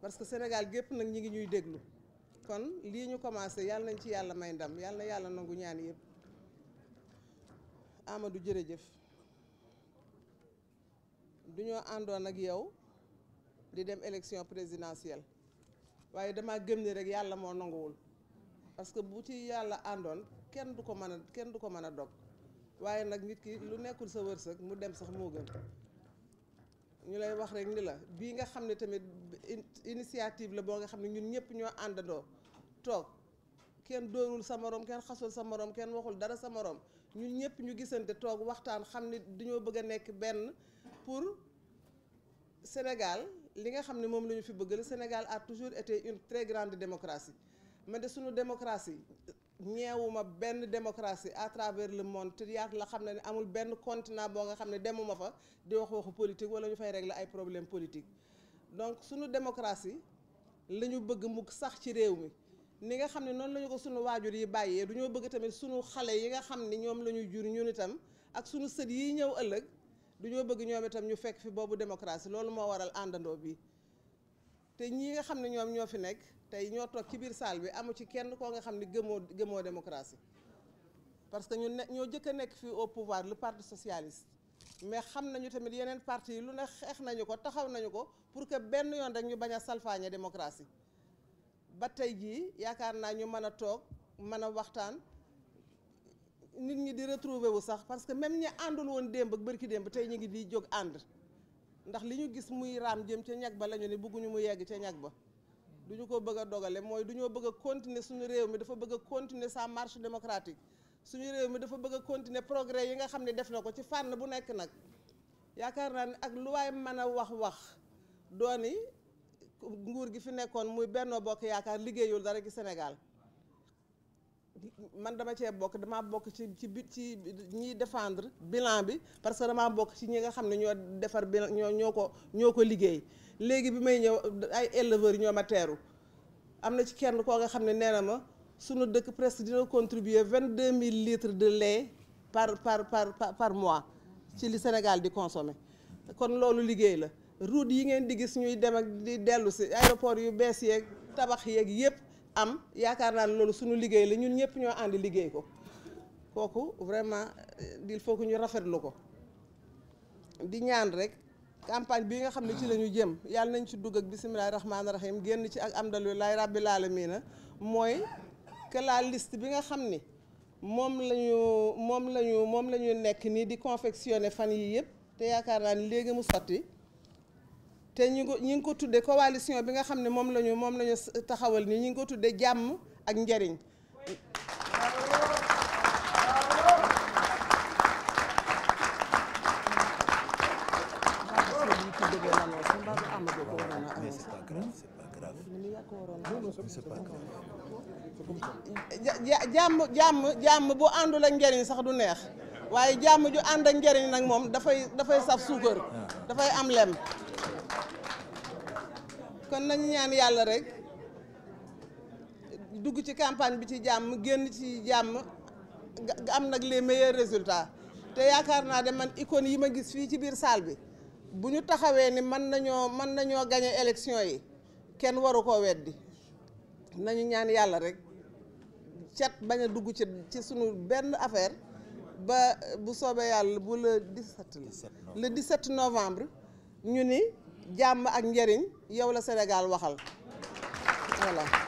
parce que Sénégal gépp nag ñi ngi ñuy déglu kon lii ñu commencé yàlla nañ ci yàlla may ndam yàlla na yàlla nangu ñaan yëpp Amadou jërëjëf du ñoo àndoon ak yow di dem élection présidentielle waaye dama gëm ni rek yàlla moo nanguwul parce que bu ci yàlla àndoon kenn du ko mën a kenn du ko mën a dog waaye nag nit ki lu nekkul sa wërsëg mu dem sax moo gën ñu lay wax rek ni la bii nga xam ne tamit initiative la boo nga xam ne ñun ñëpp ñoo àndandoo toog kenn dóorul sa morom kenn xasul sa moroom kenn waxul dara sa moroom ñun ñëpp ñu gisante toog waxtaan xam ne dañoo bëgg a nekk benn pour Sénégal li nga xam ne moom la ñu fi bëgg la Sénégal a toujours été une très grande démocratie mais de suñu démocratie ñeewuma benn démocratie à travers le monde te yaa la xam ne ne amul benn continent boo nga xam ne demuma fa di wax waxu politique wala ñu fay la ay problème politique donc suñu démocratie la ñu bëgg mukk sax ci réew mi ni nga xam ne noonu la ñu waajur yi bàyyee du bëgg tamit sunu xale yi nga xam ni ñoom la ñu jur ñun itam ak suñu sët yi ñëw ëllëg du ñoo bëgg ñoom itam ñu fekk fi boobu démocratie loolu moo waral àndandoo bi te ñi nga xam ne ñoom ñoo fi nekk tey ñoo toog ci biir salle bi amu ci kenn koo nga xam ni gëmoo gëmoo démocratie parce que ñun ñoo jëkk a nekk fii au pouvoir le parti socialiste mais xam nañu tamit yeneen parti yi lu ne xeex nañu ko taxaw nañu ko pour que benn yoon rek ñu bañ a salfaañe démocratie ba tey jii yaakaar naa ñu mën a toog mën a waxtaan nit ñi di retrouver wu sax parce que même ñi àndul woon démb ak bërki démb tey ñu ngi di jóg ànd ndax li ñu gis muy raam jëm ca ñag ba la ñu ne bëgguñu mu yegg ca ñag ba du ñu ko bëgg a dogale mooy du ñoo bëgg a continuer suñu réew mi dafa bëgg a continuer sa marche démocratique suñu réew mi dafa bëgg a continuer progrès yi nga xam ne def na ko ci fànn bu nekk nag yaakaar naa ne ak lu waay mën a wax wax dooni nguur gi fi nekkoon muy Benno Bokk Yaakaar liggéeyul dara ci Sénégal man dama cee bokk damaa bokk ci ci bi ci ñiy défendre bilan bi parce que damaa bokk ci ñi nga xam ne ñoo defar bilan ñoo ñoo ko ñoo ko liggéey léegi bi may ñëw ay éleveurs yi ñoo ma teeru am na ci kenn koo nga xam ne nee na ma sunu dëkk presque dina contribuer vingt deux mille litre de lait par par par par mois ci li Sénégal di consommer kon loolu liggéey la route yi ngeen di gis ñuy dem ak di dellu si aéroport yu bees yeeg tabax yeeg yépp am yaakaar naa ne loolu suñu liggéey la ñun ñëpp ñoo ànd liggéey ko kooku vraiment euh, il faut que ñu rafetlu ko di ñaan rek campagne bi nga xam ne ci la ñu jëm yàlla nañ ci dugg ak bisimilah rahmaani rahim génn ci ak am alhamdulilah rabbil aalamiina mooy que la bi nga xam ni moom lañu moom la moom la ñu nekk nii di confectionner fan yii yëpp te yaakaar naa ni léegi mu sotti. te ñu ngi ngi ko tuddee coalition bi nga xam ne moom lañu moom la taxawal nii ñu ngi ko tuddee jàmm ak njariñ jàmm jàmm jàmm bu àndul ak njariñ sax du neex waaye jàmm ju ànd ak njariñ nag moom dafay dafay saf suukar ah. dafay am lem kon nañu ñaan yàlla rek dugg ci campagne bi ci jàmm génn ci jàmm am nag les meilleurs résultats te yaakaar naa de man icône yi ma gis fii ci biir saal bi bu ñu taxawee ni mën nañoo mën nañoo gañe élection yi kenn waru koo weddi nañu ñaan yàlla rek cat bañ dugg ci ci suñu benn affaire ba bu soobee yàlla bu le 17 la le 17 novembre ñu ni jàmm ak njëriñ yow la Sénégal waxal voilà